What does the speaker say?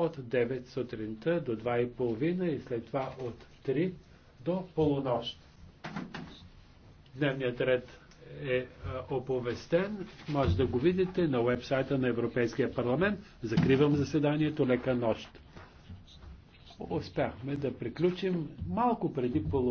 от 9 сутринта до 2 и, и след това от 3 до полунощ. Дневният ред е оповестен. Може да го видите на вебсайта на Европейския парламент. Закривам заседанието. Лека нощ. Успяхме да приключим малко преди полу.